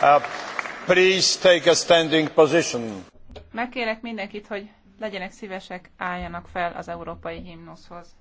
Uh, please take a standing position. Megkérek mindenkit, hogy legyenek szívesek, álljanak fel az európai himnuszhoz.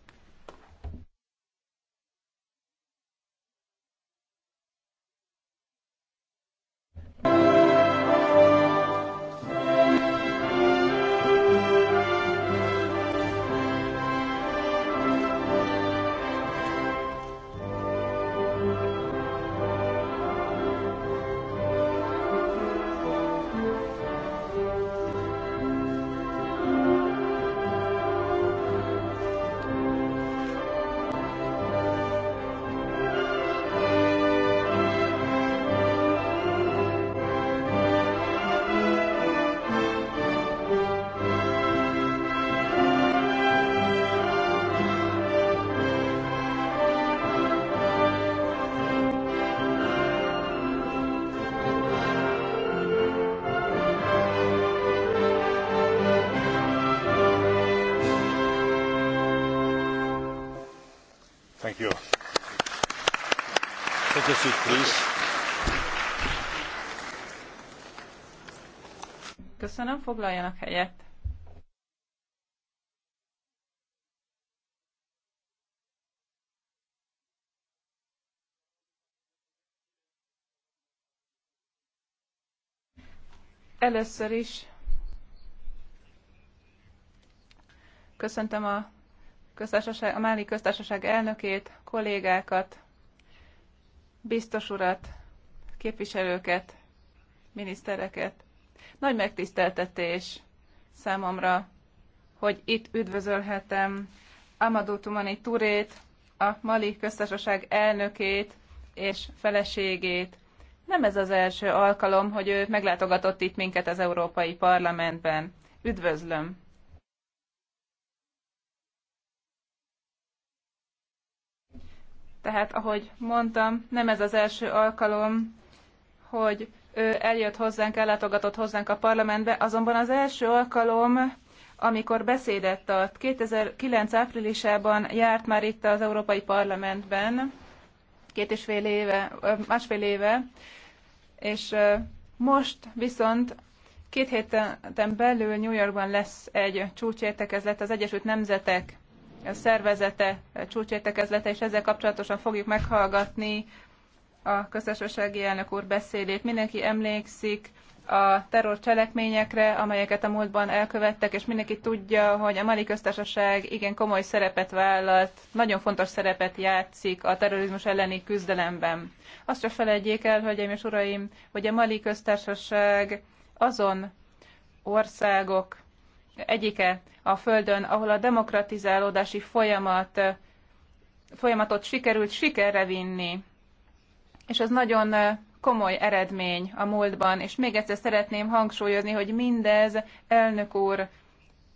Köszönöm, foglaljanak helyet. Először is köszöntöm a, köztársaság, a Máli köztársaság elnökét, kollégákat, biztos urat, képviselőket, minisztereket. Nagy megtiszteltetés számomra, hogy itt üdvözölhetem Amadou Tumani Turét, a Mali köztársaság elnökét és feleségét. Nem ez az első alkalom, hogy ő meglátogatott itt minket az Európai Parlamentben. Üdvözlöm! Tehát, ahogy mondtam, nem ez az első alkalom, hogy ő eljött hozzánk, ellátogatott hozzánk a parlamentbe, azonban az első alkalom, amikor beszédet tart, 2009 áprilisában járt már itt az Európai Parlamentben, két és fél éve, másfél éve, és most viszont két héten belül New Yorkban lesz egy csúcsértekezlet az Egyesült Nemzetek szervezete csúcsértekezlete, és ezzel kapcsolatosan fogjuk meghallgatni a köztársasági elnök úr beszédét. Mindenki emlékszik a terrorcselekményekre, amelyeket a múltban elkövettek, és mindenki tudja, hogy a Mali köztársaság igen komoly szerepet vállalt, nagyon fontos szerepet játszik a terrorizmus elleni küzdelemben. Azt csak felejtjék el, hölgyeim és uraim, hogy a Mali köztársaság azon országok egyike a Földön, ahol a demokratizálódási folyamat, folyamatot sikerült sikerre vinni. És ez nagyon komoly eredmény a múltban, és még egyszer szeretném hangsúlyozni, hogy mindez elnök úr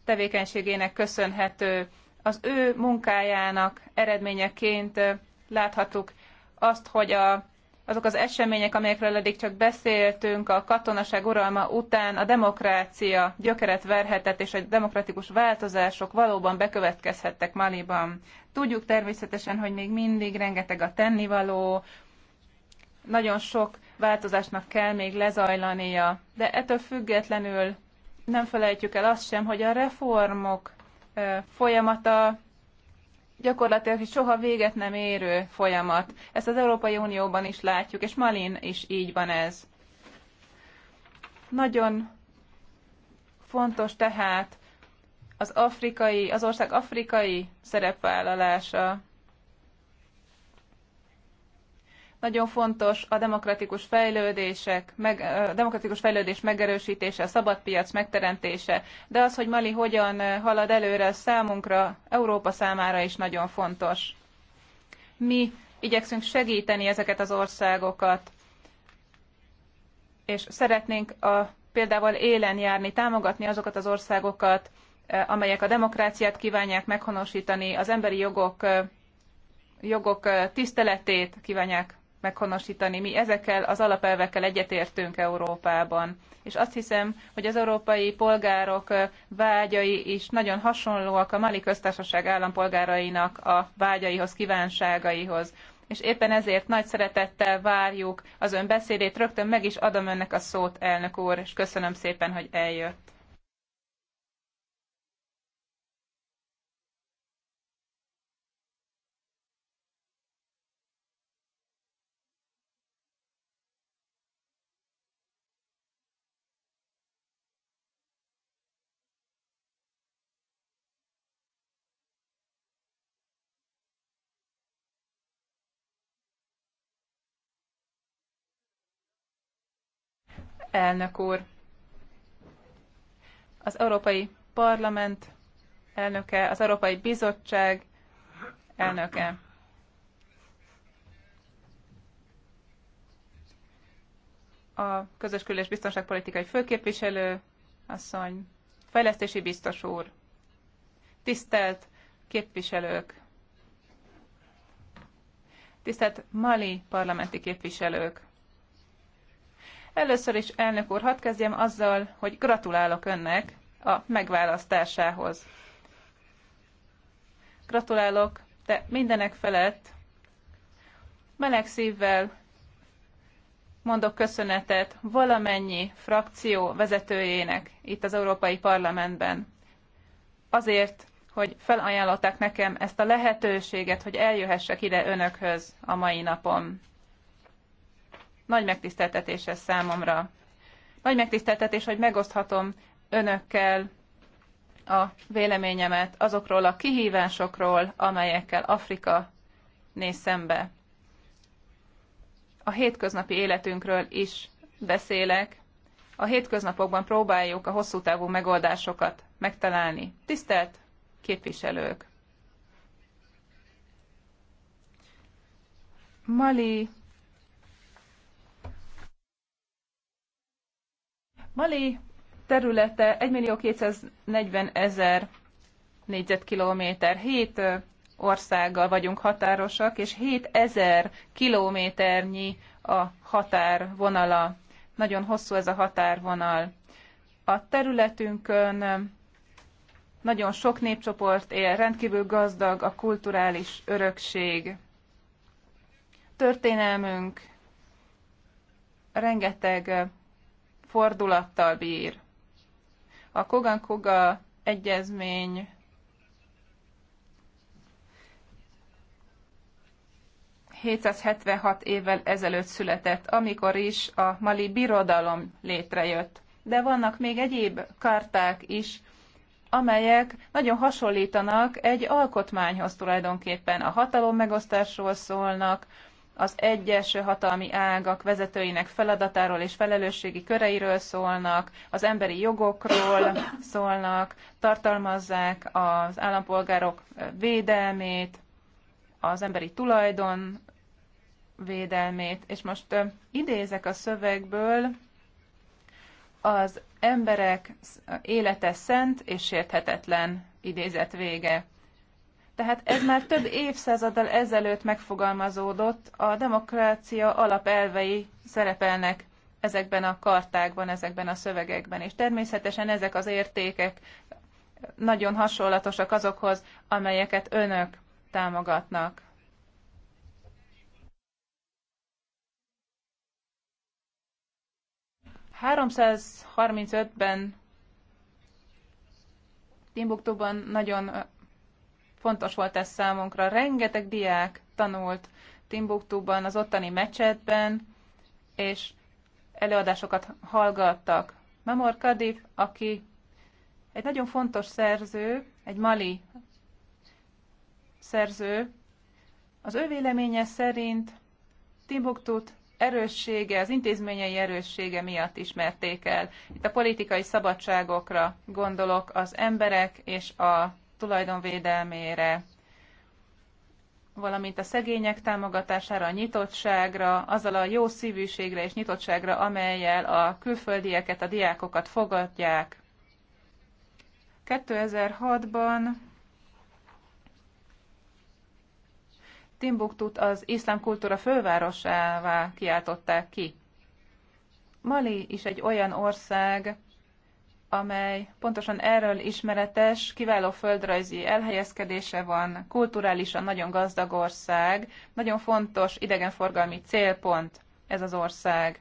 tevékenységének köszönhető. Az ő munkájának eredményeként láthatuk azt, hogy a azok az események, amelyekről eddig csak beszéltünk, a katonaság uralma után a demokrácia gyökeret verhetett, és a demokratikus változások valóban bekövetkezhettek Maliban. Tudjuk természetesen, hogy még mindig rengeteg a tennivaló, nagyon sok változásnak kell még lezajlania, de ettől függetlenül nem felejtjük el azt sem, hogy a reformok folyamata gyakorlatilag soha véget nem érő folyamat. Ezt az Európai Unióban is látjuk, és Malin is így van ez. Nagyon fontos tehát az afrikai, az ország afrikai szerepvállalása Nagyon fontos a demokratikus fejlődések, meg, a demokratikus fejlődés megerősítése, a szabad piac megteremtése, de az, hogy Mali hogyan halad előre, számunkra, Európa számára is nagyon fontos. Mi igyekszünk segíteni ezeket az országokat, és szeretnénk a, például élen járni, támogatni azokat az országokat, amelyek a demokráciát kívánják meghonosítani, az emberi jogok, jogok tiszteletét kívánják meghonosítani. Mi ezekkel az alapelvekkel egyetértünk Európában. És azt hiszem, hogy az európai polgárok vágyai is nagyon hasonlóak a Mali köztársaság állampolgárainak a vágyaihoz, kívánságaihoz. És éppen ezért nagy szeretettel várjuk az ön beszédét. Rögtön meg is adom önnek a szót, elnök úr, és köszönöm szépen, hogy eljött. elnök úr! Az Európai Parlament elnöke, az Európai Bizottság elnöke. A közös külés biztonságpolitikai főképviselő, asszony, fejlesztési biztos úr, tisztelt képviselők, tisztelt mali parlamenti képviselők, Először is, elnök úr, hadd kezdjem azzal, hogy gratulálok önnek a megválasztásához. Gratulálok, de mindenek felett meleg szívvel mondok köszönetet valamennyi frakció vezetőjének itt az Európai Parlamentben. Azért, hogy felajánlották nekem ezt a lehetőséget, hogy eljöhessek ide önökhöz a mai napon. Nagy megtiszteltetés ez számomra. Nagy megtiszteltetés, hogy megoszthatom önökkel a véleményemet azokról a kihívásokról, amelyekkel Afrika néz szembe. A hétköznapi életünkről is beszélek. A hétköznapokban próbáljuk a hosszú távú megoldásokat megtalálni. Tisztelt képviselők! Mali Mali területe 1 millió 240 ezer négyzetkilométer, 7 országgal vagyunk határosak, és 7 ezer kilométernyi a határvonala. Nagyon hosszú ez a határvonal. A területünkön nagyon sok népcsoport él, rendkívül gazdag a kulturális örökség. Történelmünk rengeteg fordulattal bír. A Kogan-Koga egyezmény ...776 évvel ezelőtt született, amikor is a mali birodalom létrejött. De vannak még egyéb karták is, amelyek nagyon hasonlítanak egy alkotmányhoz tulajdonképpen. A hatalom megosztásról szólnak, az egyes hatalmi ágak vezetőinek feladatáról és felelősségi köreiről szólnak, az emberi jogokról szólnak, tartalmazzák az állampolgárok védelmét, az emberi tulajdon védelmét, és most idézek a szövegből, az emberek élete szent és sérthetetlen idézet vége. Tehát ez már több évszázaddal ezelőtt megfogalmazódott, a demokrácia alapelvei szerepelnek ezekben a kartákban, ezekben a szövegekben. És természetesen ezek az értékek nagyon hasonlatosak azokhoz, amelyeket önök támogatnak. Háromszázharmincötben, Timbuktuban nagyon fontos volt ez számunkra. Rengeteg diák tanult Timbuktuban, az ottani mecsetben, és előadásokat hallgattak. Mamor Kadif, aki egy nagyon fontos szerző, egy mali szerző, az ő véleménye szerint Timbuktut erőssége, az intézményei erőssége miatt ismerték el. Itt a politikai szabadságokra gondolok, az emberek és a tulajdonvédelmére, valamint a szegények támogatására, a nyitottságra, azzal a jó szívűségre és nyitottságra, amelyel a külföldieket, a diákokat fogadják. 2006-ban Timbuktut az iszlám kultúra fővárosává kiáltották ki. Mali is egy olyan ország, amely pontosan erről ismeretes, kiváló földrajzi elhelyezkedése van, kulturálisan nagyon gazdag ország, nagyon fontos idegenforgalmi célpont ez az ország.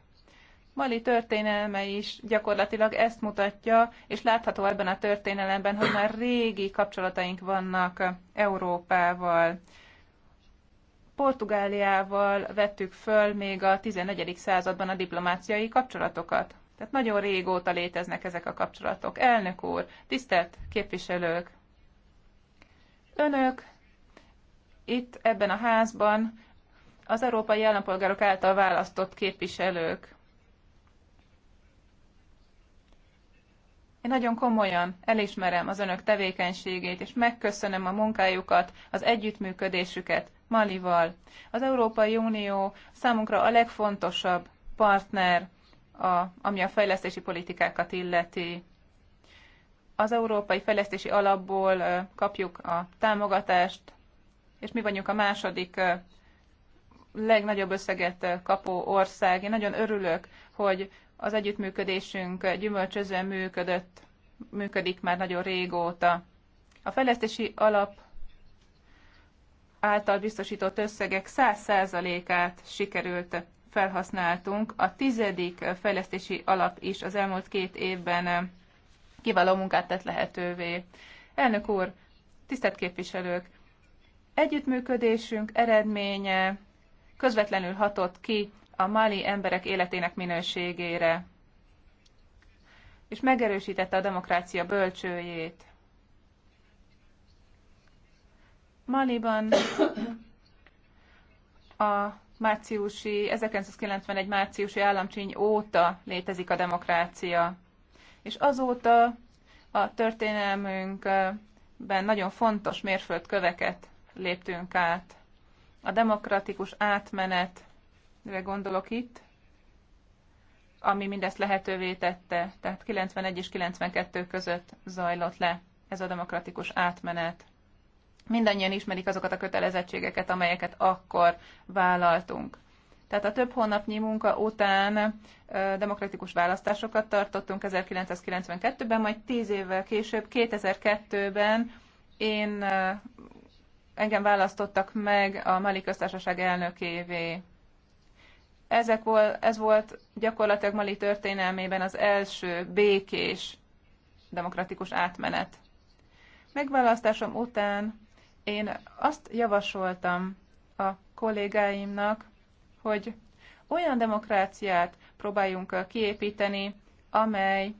Mali történelme is gyakorlatilag ezt mutatja, és látható ebben a történelemben, hogy már régi kapcsolataink vannak Európával. Portugáliával vettük föl még a 14. században a diplomáciai kapcsolatokat. Tehát nagyon régóta léteznek ezek a kapcsolatok. Elnök úr, tisztelt képviselők, önök itt ebben a házban az európai állampolgárok által választott képviselők. Én nagyon komolyan elismerem az önök tevékenységét, és megköszönöm a munkájukat, az együttműködésüket Malival. Az Európai Unió számunkra a legfontosabb partner a, ami a fejlesztési politikákat illeti. Az Európai Fejlesztési Alapból kapjuk a támogatást, és mi vagyunk a második legnagyobb összeget kapó ország. Én nagyon örülök, hogy az együttműködésünk gyümölcsözően működött, működik már nagyon régóta. A fejlesztési alap által biztosított összegek 100%-át sikerült felhasználtunk. A tizedik fejlesztési alap is az elmúlt két évben eh, kiváló munkát tett lehetővé. Elnök úr, tisztelt képviselők, együttműködésünk eredménye közvetlenül hatott ki a mali emberek életének minőségére, és megerősítette a demokrácia bölcsőjét. Maliban a márciusi, 1991 márciusi államcsíny óta létezik a demokrácia. És azóta a történelmünkben nagyon fontos mérföldköveket léptünk át. A demokratikus átmenetre gondolok itt, ami mindezt lehetővé tette, tehát 91 és 92 között zajlott le ez a demokratikus átmenet. Mindannyian ismerik azokat a kötelezettségeket, amelyeket akkor vállaltunk. Tehát a több hónapnyi munka után demokratikus választásokat tartottunk 1992-ben, majd 10 évvel később, 2002-ben én engem választottak meg a Mali köztársaság elnökévé. Ezek vol, ez volt gyakorlatilag Mali történelmében az első békés demokratikus átmenet. Megválasztásom után én azt javasoltam a kollégáimnak, hogy olyan demokráciát próbáljunk uh, kiépíteni, amely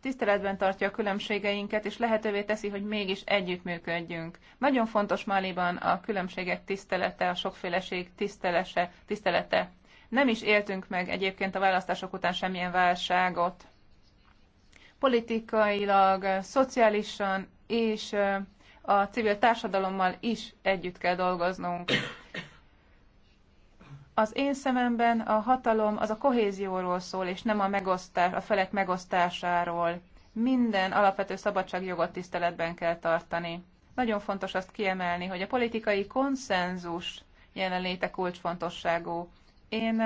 tiszteletben tartja a különbségeinket, és lehetővé teszi, hogy mégis együttműködjünk. Nagyon fontos Máliban a különbségek tisztelete, a sokféleség tisztelese, tisztelete. Nem is éltünk meg egyébként a választások után semmilyen válságot. Politikailag, uh, szociálisan és uh, a civil társadalommal is együtt kell dolgoznunk. Az én szememben a hatalom az a kohézióról szól, és nem a, megosztás, a felek megosztásáról. Minden alapvető szabadságjogot tiszteletben kell tartani. Nagyon fontos azt kiemelni, hogy a politikai konszenzus jelenléte kulcsfontosságú. Én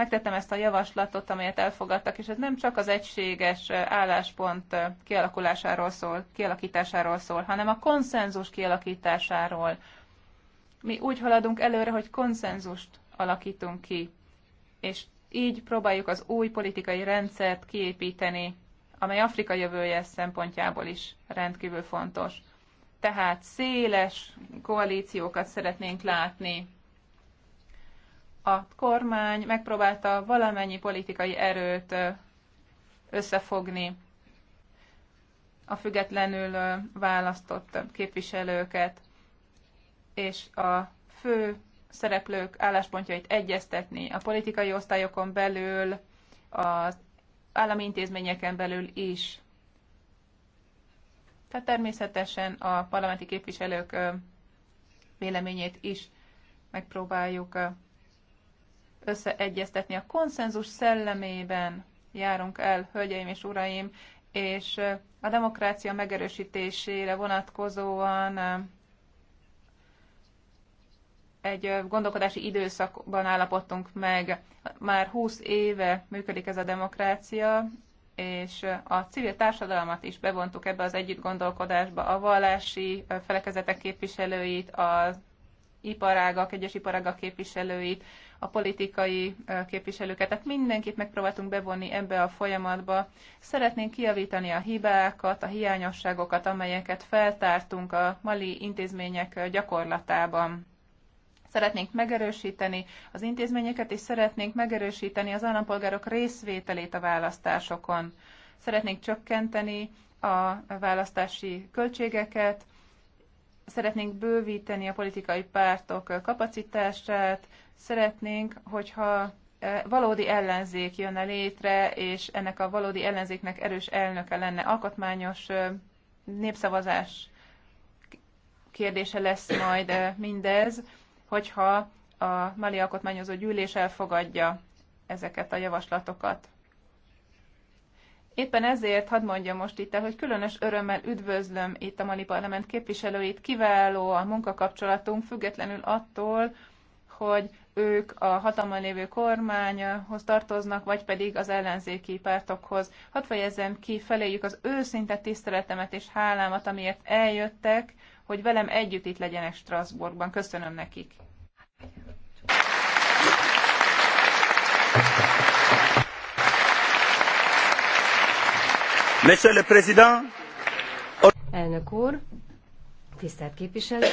Megtettem ezt a javaslatot, amelyet elfogadtak, és ez nem csak az egységes álláspont kialakulásáról szól, kialakításáról szól, hanem a konszenzus kialakításáról. Mi úgy haladunk előre, hogy konszenzust alakítunk ki, és így próbáljuk az új politikai rendszert kiépíteni, amely Afrika jövője szempontjából is rendkívül fontos. Tehát széles koalíciókat szeretnénk látni, a kormány megpróbálta valamennyi politikai erőt összefogni a függetlenül választott képviselőket, és a fő szereplők álláspontjait egyeztetni a politikai osztályokon belül, az állami intézményeken belül is. Tehát természetesen a parlamenti képviselők véleményét is megpróbáljuk összeegyeztetni. A konszenzus szellemében járunk el, hölgyeim és uraim, és a demokrácia megerősítésére vonatkozóan egy gondolkodási időszakban állapodtunk meg. Már 20 éve működik ez a demokrácia, és a civil társadalmat is bevontuk ebbe az együtt gondolkodásba, a vallási felekezetek képviselőit, a iparágak, egyes iparágak képviselőit, a politikai képviselőket, tehát mindenkit megpróbáltunk bevonni ebbe a folyamatba. Szeretnénk kiavítani a hibákat, a hiányosságokat, amelyeket feltártunk a mali intézmények gyakorlatában. Szeretnénk megerősíteni az intézményeket, és szeretnénk megerősíteni az állampolgárok részvételét a választásokon. Szeretnénk csökkenteni a választási költségeket, szeretnénk bővíteni a politikai pártok kapacitását, szeretnénk, hogyha e, valódi ellenzék jönne létre, és ennek a valódi ellenzéknek erős elnöke lenne. Alkotmányos e, népszavazás kérdése lesz majd e, mindez, hogyha a Mali Alkotmányozó Gyűlés elfogadja ezeket a javaslatokat. Éppen ezért hadd mondjam most itt el, hogy különös örömmel üdvözlöm itt a Mali Parlament képviselőit, kiváló a munkakapcsolatunk, függetlenül attól, hogy ők a hatalman lévő kormányhoz tartoznak, vagy pedig az ellenzéki pártokhoz. Hadd fejezzem ki feléjük az őszinte tiszteletemet és hálámat, amiért eljöttek, hogy velem együtt itt legyenek Strasbourgban. Köszönöm nekik! Elnök úr, tisztelt képviselő!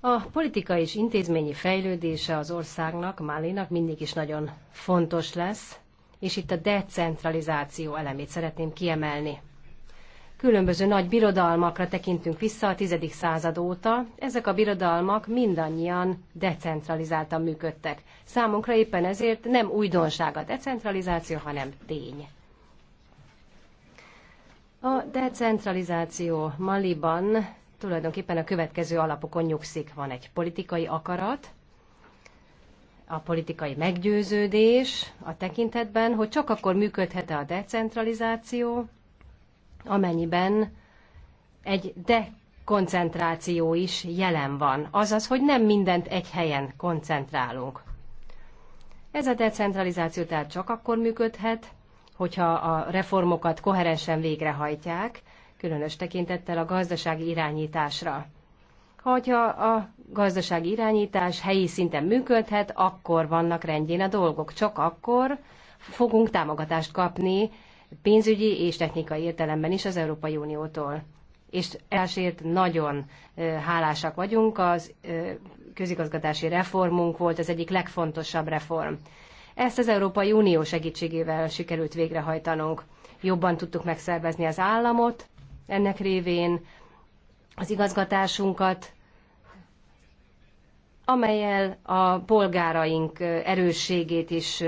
A politika és intézményi fejlődése az országnak, Málinak mindig is nagyon fontos lesz, és itt a decentralizáció elemét szeretném kiemelni különböző nagy birodalmakra tekintünk vissza a tizedik század óta. Ezek a birodalmak mindannyian decentralizáltan működtek. Számunkra éppen ezért nem újdonság a decentralizáció, hanem tény. A decentralizáció Maliban tulajdonképpen a következő alapokon nyugszik. Van egy politikai akarat, a politikai meggyőződés a tekintetben, hogy csak akkor működhet -e a decentralizáció, amennyiben egy dekoncentráció is jelen van, azaz, hogy nem mindent egy helyen koncentrálunk. Ez a decentralizáció tehát csak akkor működhet, hogyha a reformokat koherensen végrehajtják, különös tekintettel a gazdasági irányításra. Hogyha a gazdasági irányítás helyi szinten működhet, akkor vannak rendjén a dolgok. Csak akkor fogunk támogatást kapni pénzügyi és technikai értelemben is az Európai Uniótól. És elsőért nagyon hálásak vagyunk, az közigazgatási reformunk volt az egyik legfontosabb reform. Ezt az Európai Unió segítségével sikerült végrehajtanunk. Jobban tudtuk megszervezni az államot, ennek révén az igazgatásunkat, amelyel a polgáraink erősségét is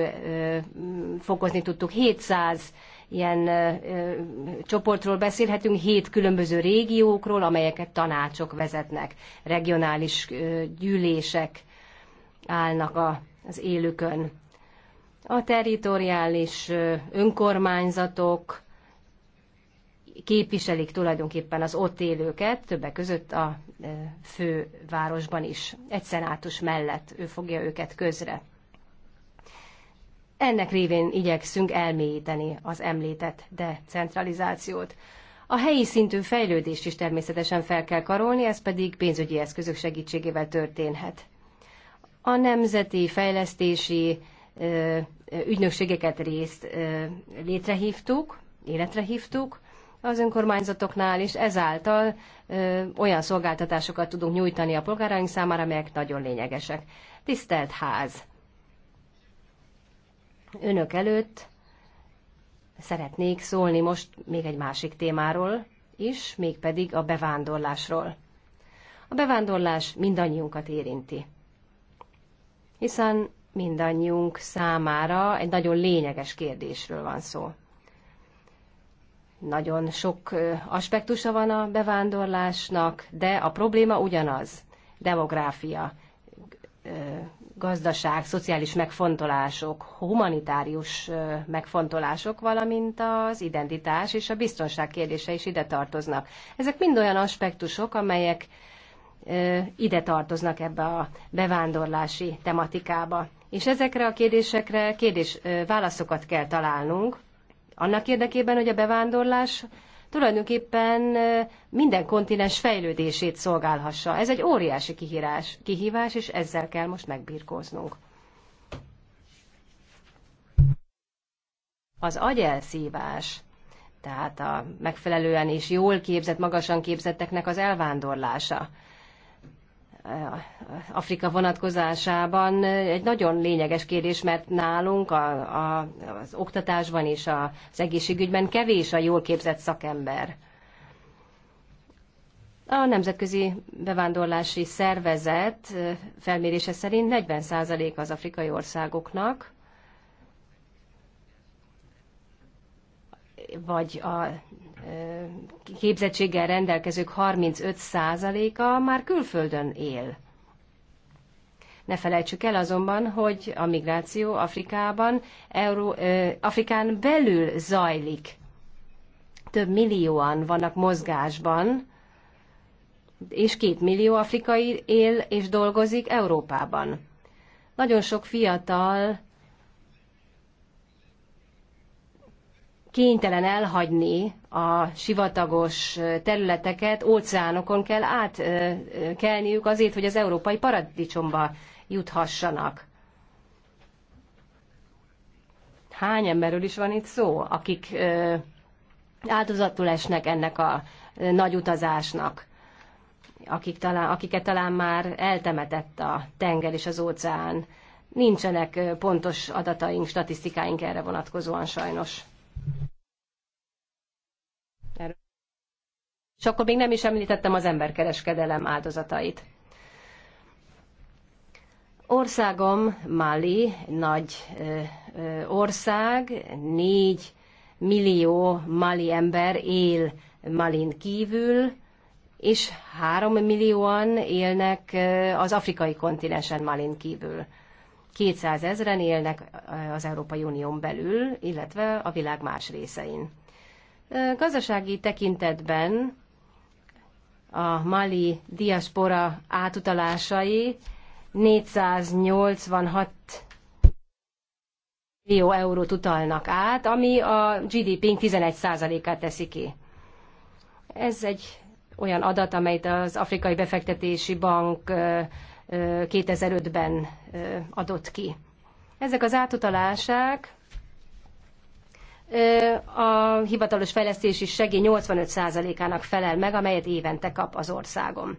fokozni tudtuk. 700 ilyen ö, csoportról beszélhetünk, hét különböző régiókról, amelyeket tanácsok vezetnek, regionális ö, gyűlések állnak a, az élükön. A teritoriális önkormányzatok képviselik tulajdonképpen az ott élőket, többek között a fővárosban is, egy szenátus mellett ő fogja őket közre. Ennek révén igyekszünk elmélyíteni az említett decentralizációt. A helyi szintű fejlődést is természetesen fel kell karolni, ez pedig pénzügyi eszközök segítségével történhet. A nemzeti fejlesztési ö, ügynökségeket részt ö, létrehívtuk, életre hívtuk az önkormányzatoknál, és ezáltal ö, olyan szolgáltatásokat tudunk nyújtani a polgáraink számára, amelyek nagyon lényegesek. Tisztelt ház! önök előtt szeretnék szólni most még egy másik témáról is, mégpedig a bevándorlásról. A bevándorlás mindannyiunkat érinti, hiszen mindannyiunk számára egy nagyon lényeges kérdésről van szó. Nagyon sok aspektusa van a bevándorlásnak, de a probléma ugyanaz. Demográfia, gazdaság, szociális megfontolások, humanitárius megfontolások, valamint az identitás és a biztonság kérdése is ide tartoznak. Ezek mind olyan aspektusok, amelyek ide tartoznak ebbe a bevándorlási tematikába. És ezekre a kérdésekre kérdés, válaszokat kell találnunk, annak érdekében, hogy a bevándorlás tulajdonképpen minden kontinens fejlődését szolgálhassa. Ez egy óriási kihívás, kihívás és ezzel kell most megbírkoznunk. Az agyelszívás, tehát a megfelelően és jól képzett, magasan képzetteknek az elvándorlása Afrika vonatkozásában egy nagyon lényeges kérdés, mert nálunk a, a, az oktatásban és a, az egészségügyben kevés a jól képzett szakember. A Nemzetközi Bevándorlási Szervezet felmérése szerint 40% az afrikai országoknak, vagy a képzettséggel rendelkezők 35%-a már külföldön él. Ne felejtsük el azonban, hogy a migráció Afrikában, Euró, ö, Afrikán belül zajlik. Több millióan vannak mozgásban, és két millió afrikai él és dolgozik Európában. Nagyon sok fiatal kénytelen elhagyni a sivatagos területeket, óceánokon kell átkelniük azért, hogy az európai paradicsomba juthassanak. Hány emberről is van itt szó, akik áldozatul esnek ennek a nagy utazásnak, akik talán, akiket talán már eltemetett a tenger és az óceán. Nincsenek pontos adataink, statisztikáink erre vonatkozóan sajnos. És akkor még nem is említettem az emberkereskedelem áldozatait. Országom Mali, nagy ország, négy millió mali ember él Malin kívül, és három millióan élnek az afrikai kontinensen Malin kívül. 200 ezeren élnek eh, az Európai Unión belül, illetve a világ más részein. Eh, gazdasági tekintetben a mali diaspora átutalásai 486 millió eurót utalnak át, ami a GDP-nk 11%-át teszi ki. Ez egy olyan adat, amelyet az Afrikai Befektetési Bank eh, 2005-ben adott ki. Ezek az átutalások a hivatalos fejlesztési segély 85%-ának felel meg, amelyet évente kap az országom.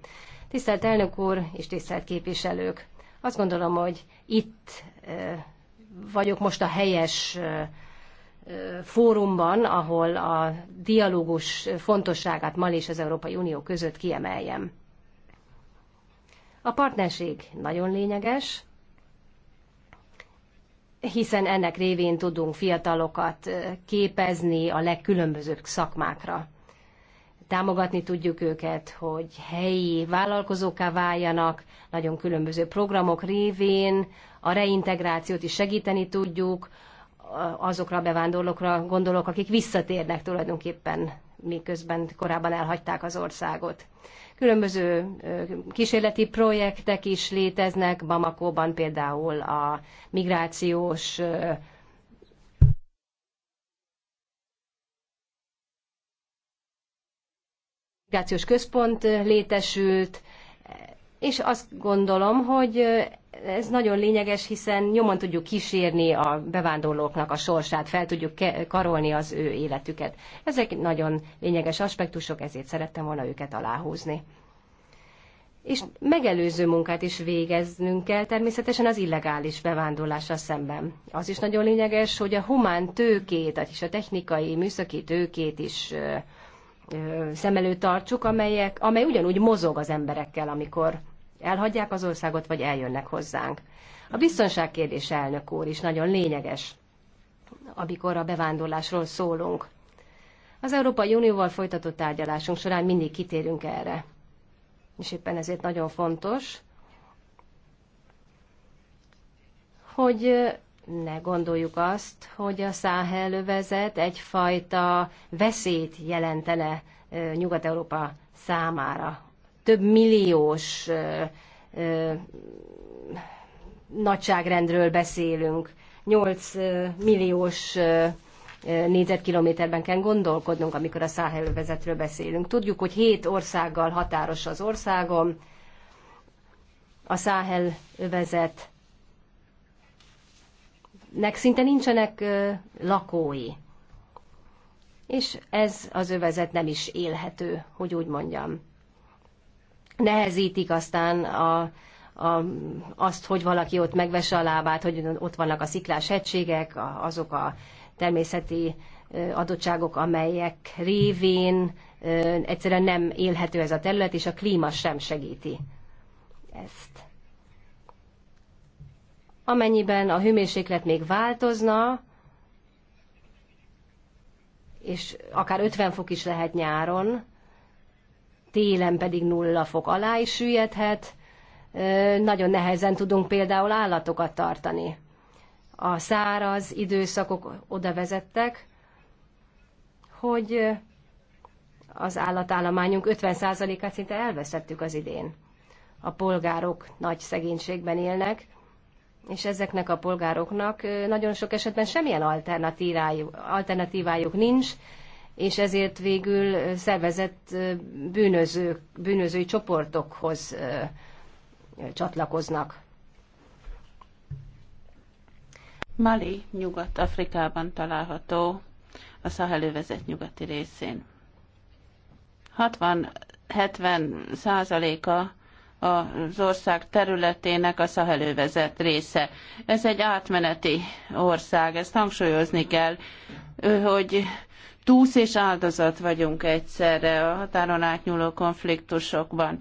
Tisztelt elnök úr és tisztelt képviselők! Azt gondolom, hogy itt vagyok most a helyes fórumban, ahol a dialógus fontosságát Mali és az Európai Unió között kiemeljem. A partnerség nagyon lényeges, hiszen ennek révén tudunk fiatalokat képezni a legkülönbözőbb szakmákra. Támogatni tudjuk őket, hogy helyi vállalkozóká váljanak, nagyon különböző programok révén, a reintegrációt is segíteni tudjuk, azokra a bevándorlókra gondolok, akik visszatérnek tulajdonképpen, miközben korábban elhagyták az országot. Különböző kísérleti projektek is léteznek, Bamako-ban például a migrációs migrációs központ létesült, és azt gondolom, hogy ez nagyon lényeges, hiszen nyomon tudjuk kísérni a bevándorlóknak a sorsát, fel tudjuk karolni az ő életüket. Ezek nagyon lényeges aspektusok, ezért szerettem volna őket aláhúzni. És megelőző munkát is végeznünk kell természetesen az illegális bevándorlásra szemben. Az is nagyon lényeges, hogy a humán tőkét, és a technikai, műszaki tőkét is szem előtt tartsuk, amelyek, amely ugyanúgy mozog az emberekkel, amikor elhagyják az országot, vagy eljönnek hozzánk. A biztonság kérdése, elnök úr, is nagyon lényeges, amikor a bevándorlásról szólunk. Az Európai Unióval folytatott tárgyalásunk során mindig kitérünk erre. És éppen ezért nagyon fontos, hogy ne gondoljuk azt, hogy a száhelövezet egyfajta veszélyt jelentene Nyugat-Európa számára több milliós nagyságrendről beszélünk. 8 milliós négyzetkilométerben kell gondolkodnunk, amikor a száhelővezetről beszélünk. Tudjuk, hogy hét országgal határos az országom, a száhel nek szinte nincsenek lakói. És ez az övezet nem is élhető, hogy úgy mondjam nehezítik aztán a, a, azt, hogy valaki ott megvesse a lábát, hogy ott vannak a sziklás hegységek, azok a természeti adottságok, amelyek révén egyszerűen nem élhető ez a terület, és a klíma sem segíti ezt. Amennyiben a hőmérséklet még változna, és akár 50 fok is lehet nyáron, télen pedig nulla fok alá is süllyedhet. Nagyon nehezen tudunk például állatokat tartani. A száraz időszakok oda vezettek, hogy az állatállományunk 50%-át szinte elvesztettük az idén. A polgárok nagy szegénységben élnek, és ezeknek a polgároknak nagyon sok esetben semmilyen alternatívájuk nincs, és ezért végül szervezett bűnözők, bűnözői csoportokhoz csatlakoznak. Mali Nyugat-Afrikában található, a Szahelővezet nyugati részén. 60-70 százaléka az ország területének a szahelővezet része. Ez egy átmeneti ország, ezt hangsúlyozni kell, hogy túsz és áldozat vagyunk egyszerre a határon átnyúló konfliktusokban.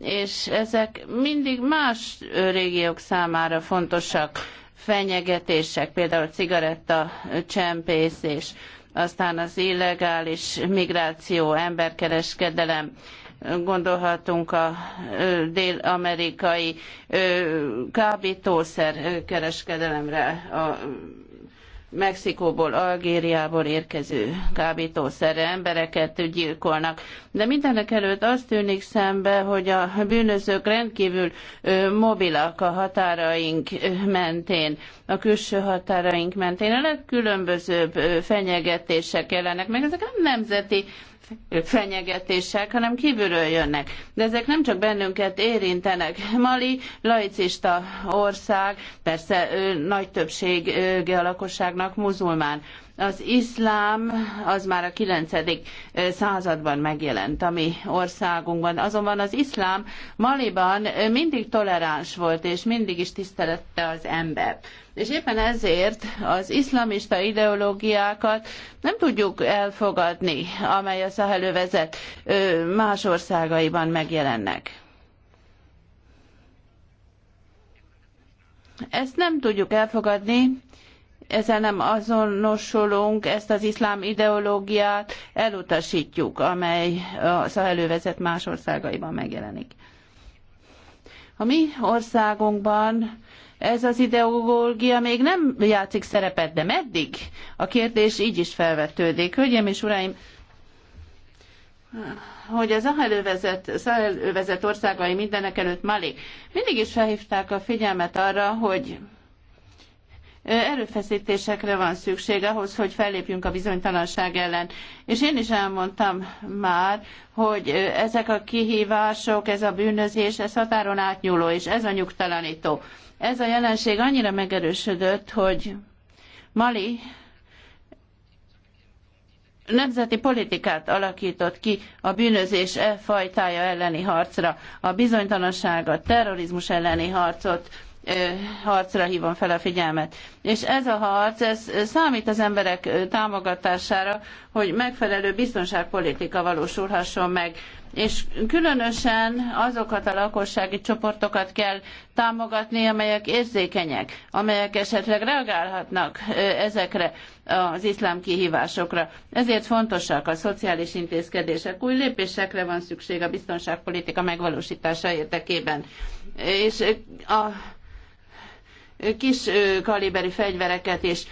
És ezek mindig más régiók számára fontosak fenyegetések, például cigaretta csempészés, aztán az illegális migráció, emberkereskedelem, gondolhatunk a dél-amerikai kábítószer kereskedelemre, a Mexikóból, Algériából érkező kábítószerre embereket gyilkolnak. De mindenek előtt azt tűnik szembe, hogy a bűnözők rendkívül mobilak a határaink mentén, a külső határaink mentén. A legkülönbözőbb fenyegetések jelennek meg. Ezek nem nemzeti fenyegetések, hanem kívülről jönnek. De ezek nem csak bennünket érintenek. Mali laicista ország, persze nagy többsége a lakosságnak muzulmán az iszlám az már a 9. században megjelent a mi országunkban, azonban az iszlám Maliban mindig toleráns volt, és mindig is tisztelette az embert. És éppen ezért az iszlamista ideológiákat nem tudjuk elfogadni, amely a szahelővezet más országaiban megjelennek. Ezt nem tudjuk elfogadni, ezzel nem azonosulunk, ezt az iszlám ideológiát elutasítjuk, amely a szahelővezet más országaiban megjelenik. A mi országunkban ez az ideológia még nem játszik szerepet, de meddig? A kérdés így is felvetődik. Hölgyeim és uraim, hogy az ahelővezet, szahelővezet országai mindenek előtt Mali mindig is felhívták a figyelmet arra, hogy erőfeszítésekre van szükség ahhoz, hogy fellépjünk a bizonytalanság ellen. És én is elmondtam már, hogy ezek a kihívások, ez a bűnözés, ez határon átnyúló, és ez a nyugtalanító. Ez a jelenség annyira megerősödött, hogy Mali nemzeti politikát alakított ki a bűnözés e fajtája elleni harcra, a bizonytalanság, a terrorizmus elleni harcot harcra hívom fel a figyelmet. És ez a harc, ez számít az emberek támogatására, hogy megfelelő biztonságpolitika valósulhasson meg és különösen azokat a lakossági csoportokat kell támogatni, amelyek érzékenyek, amelyek esetleg reagálhatnak ezekre az iszlám kihívásokra. Ezért fontosak a szociális intézkedések, új lépésekre van szükség a biztonságpolitika megvalósítása érdekében. És a kis kaliberi fegyvereket és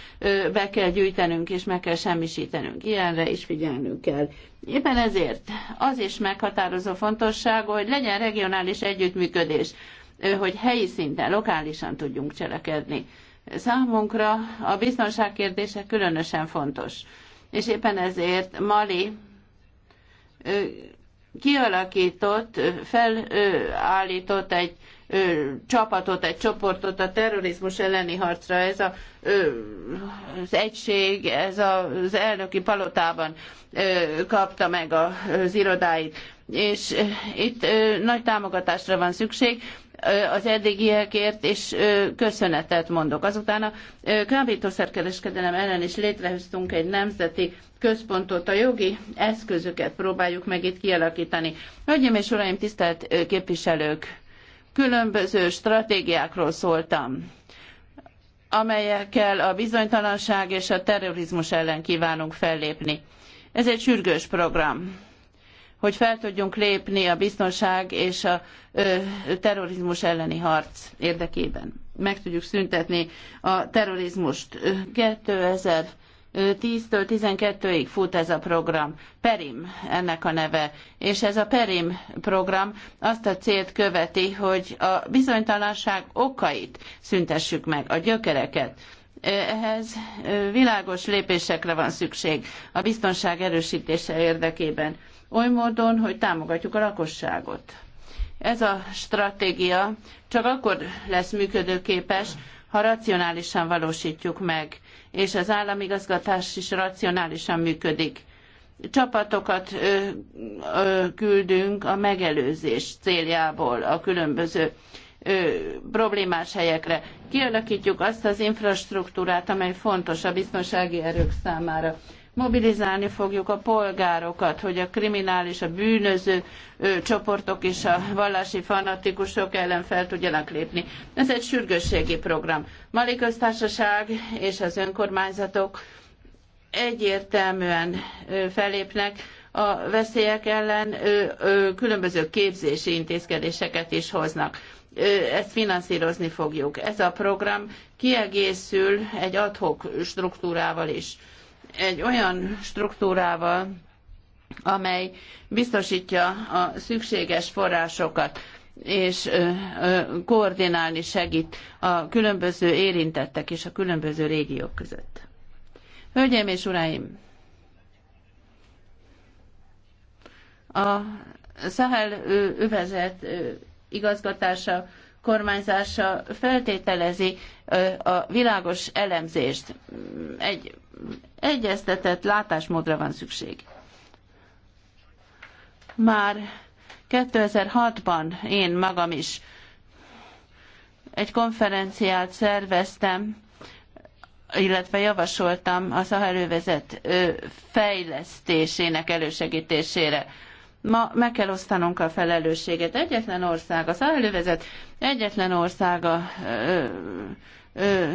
be kell gyűjtenünk és meg kell semmisítenünk. Ilyenre is figyelnünk kell. Éppen ezért az is meghatározó fontosság, hogy legyen regionális együttműködés, hogy helyi szinten, lokálisan tudjunk cselekedni. Számunkra a biztonság kérdése különösen fontos. És éppen ezért Mali kialakított, felállított egy csapatot, egy csoportot a terrorizmus elleni harcra. Ez a, az egység, ez az elnöki palotában kapta meg az irodáit. És itt nagy támogatásra van szükség az eddigiekért, és köszönetet mondok. Azután a kábítószerkereskedelem ellen is létrehoztunk egy nemzeti központot, a jogi eszközöket próbáljuk meg itt kialakítani. Hölgyeim és uraim, tisztelt képviselők! különböző stratégiákról szóltam amelyekkel a bizonytalanság és a terrorizmus ellen kívánunk fellépni. Ez egy sürgős program, hogy fel tudjunk lépni a biztonság és a ö, terrorizmus elleni harc érdekében. Meg tudjuk szüntetni a terrorizmust. 2000 10-től 12-ig fut ez a program. Perim ennek a neve. És ez a Perim program azt a célt követi, hogy a bizonytalanság okait szüntessük meg, a gyökereket. Ehhez világos lépésekre van szükség a biztonság erősítése érdekében. Oly módon, hogy támogatjuk a lakosságot. Ez a stratégia csak akkor lesz működőképes, ha racionálisan valósítjuk meg, és az államigazgatás is racionálisan működik. Csapatokat ö, ö, küldünk a megelőzés céljából a különböző ö, problémás helyekre. Kialakítjuk azt az infrastruktúrát, amely fontos a biztonsági erők számára Mobilizálni fogjuk a polgárokat, hogy a kriminális, a bűnöző ö, csoportok és a vallási fanatikusok ellen fel tudjanak lépni. Ez egy sürgősségi program. Mali köztársaság és az önkormányzatok egyértelműen felépnek a veszélyek ellen, különböző képzési intézkedéseket is hoznak. Ezt finanszírozni fogjuk. Ez a program kiegészül egy adhok struktúrával is egy olyan struktúrával, amely biztosítja a szükséges forrásokat és koordinálni segít a különböző érintettek és a különböző régiók között. Hölgyeim és uraim! A Szahel övezet igazgatása, kormányzása feltételezi a világos elemzést. Egy egyeztetett látásmódra van szükség. Már 2006-ban én magam is egy konferenciát szerveztem, illetve javasoltam a szahelővezet fejlesztésének elősegítésére. Ma meg kell osztanunk a felelősséget. Egyetlen ország, a szahelővezet egyetlen országa ö, ö,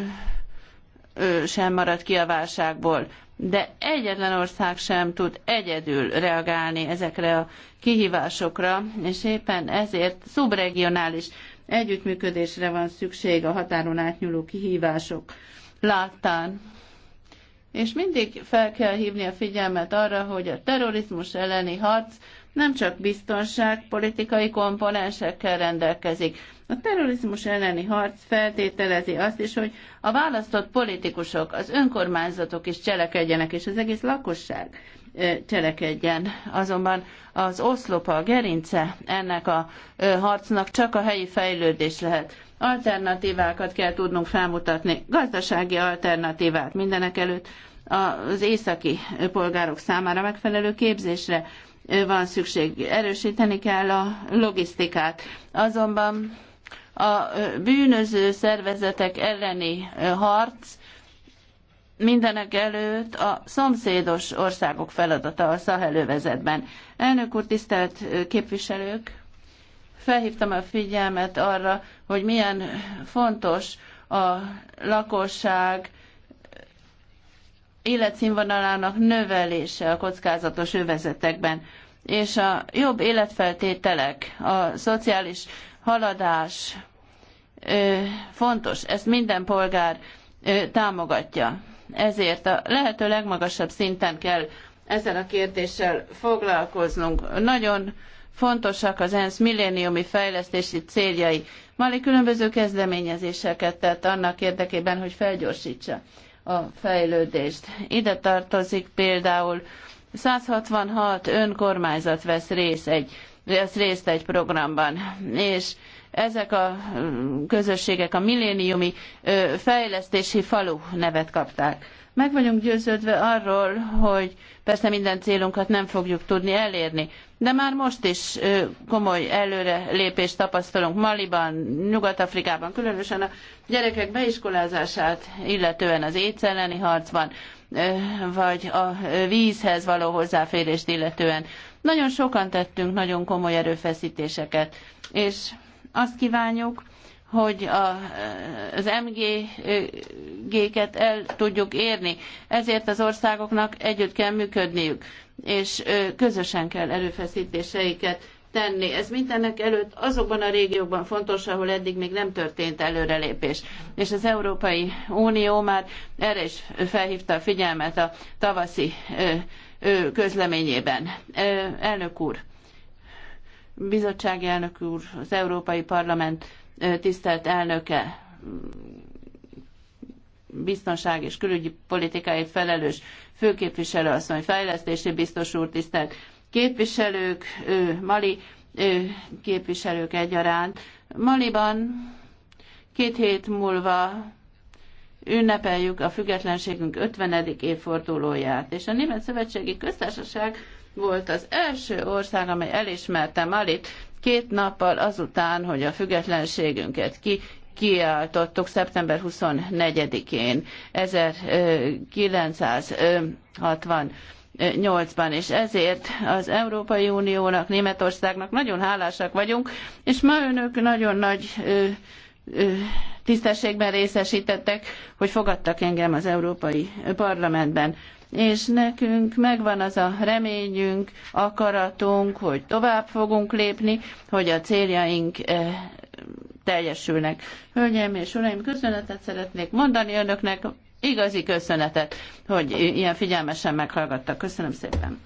sem maradt ki a válságból, de egyetlen ország sem tud egyedül reagálni ezekre a kihívásokra, és éppen ezért szubregionális együttműködésre van szükség a határon átnyúló kihívások láttán. És mindig fel kell hívni a figyelmet arra, hogy a terrorizmus elleni harc nem csak politikai komponensekkel rendelkezik. A terrorizmus elleni harc feltételezi azt is, hogy a választott politikusok, az önkormányzatok is cselekedjenek, és az egész lakosság cselekedjen. Azonban az oszlopa, a gerince ennek a harcnak csak a helyi fejlődés lehet. Alternatívákat kell tudnunk felmutatni, gazdasági alternatívát mindenek előtt az északi polgárok számára megfelelő képzésre, van szükség. Erősíteni kell a logisztikát. Azonban a bűnöző szervezetek elleni harc mindenek előtt a szomszédos országok feladata a Szahelővezetben. Elnök úr, tisztelt képviselők! Felhívtam a figyelmet arra, hogy milyen fontos a lakosság életszínvonalának növelése a kockázatos övezetekben, és a jobb életfeltételek, a szociális haladás fontos, ezt minden polgár támogatja. Ezért a lehető legmagasabb szinten kell ezzel a kérdéssel foglalkoznunk. Nagyon fontosak az ENSZ milléniumi fejlesztési céljai. Mali különböző kezdeményezéseket tett annak érdekében, hogy felgyorsítsa a fejlődést. Ide tartozik például 166 önkormányzat vesz részt egy, vesz részt egy programban, és ezek a közösségek a milléniumi fejlesztési falu nevet kapták meg vagyunk győződve arról, hogy persze minden célunkat nem fogjuk tudni elérni, de már most is komoly előre lépést tapasztalunk Maliban, Nyugat-Afrikában, különösen a gyerekek beiskolázását, illetően az éjsz elleni harcban, vagy a vízhez való hozzáférést illetően. Nagyon sokan tettünk nagyon komoly erőfeszítéseket, és azt kívánjuk, hogy a, az MG-géket el tudjuk érni. Ezért az országoknak együtt kell működniük, és közösen kell erőfeszítéseiket tenni. Ez mindennek előtt azokban a régiókban fontos, ahol eddig még nem történt előrelépés. És az Európai Unió már erre is felhívta a figyelmet a tavaszi közleményében. Elnök úr, bizottsági elnök úr, az Európai Parlament tisztelt elnöke, biztonság és külügyi politikáért felelős főképviselő asszony, fejlesztési biztos úr, tisztelt képviselők, ő Mali ő képviselők egyaránt. Maliban két hét múlva ünnepeljük a függetlenségünk 50. évfordulóját, és a Német Szövetségi Köztársaság volt az első ország, amely elismerte Malit Két nappal azután, hogy a függetlenségünket ki kiáltottuk szeptember 24-én 1968 ban és ezért az Európai Uniónak, Németországnak nagyon hálásak vagyunk, és ma önök nagyon nagy ö, ö, tisztességben részesítettek, hogy fogadtak engem az Európai Parlamentben és nekünk megvan az a reményünk, akaratunk, hogy tovább fogunk lépni, hogy a céljaink eh, teljesülnek. Hölgyeim és uraim, köszönetet szeretnék mondani önöknek, igazi köszönetet, hogy ilyen figyelmesen meghallgattak. Köszönöm szépen.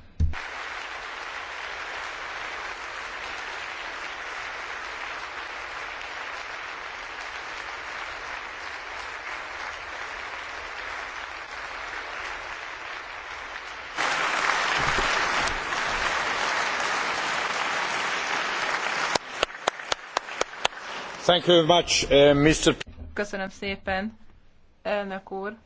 Uh, Köszönöm szépen, elnök úr.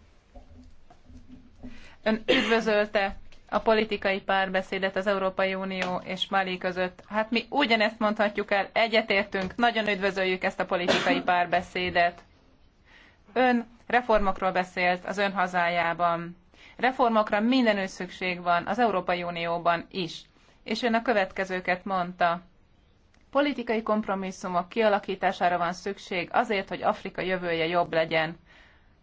Ön üdvözölte a politikai párbeszédet az Európai Unió és Mali között. Hát mi ugyanezt mondhatjuk el, egyetértünk, nagyon üdvözöljük ezt a politikai párbeszédet. Ön reformokról beszélt az ön hazájában. Reformokra mindenütt szükség van, az Európai Unióban is. És ön a következőket mondta. Politikai kompromisszumok kialakítására van szükség azért, hogy Afrika jövője jobb legyen.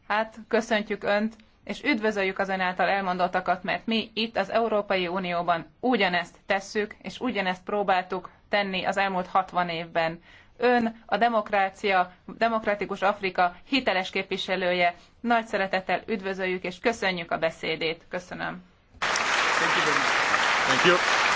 Hát, köszöntjük Önt, és üdvözöljük az Ön által elmondottakat, mert mi itt az Európai Unióban ugyanezt tesszük, és ugyanezt próbáltuk tenni az elmúlt 60 évben. Ön a demokrácia, demokratikus Afrika hiteles képviselője. Nagy szeretettel üdvözöljük és köszönjük a beszédét. Köszönöm. Thank you.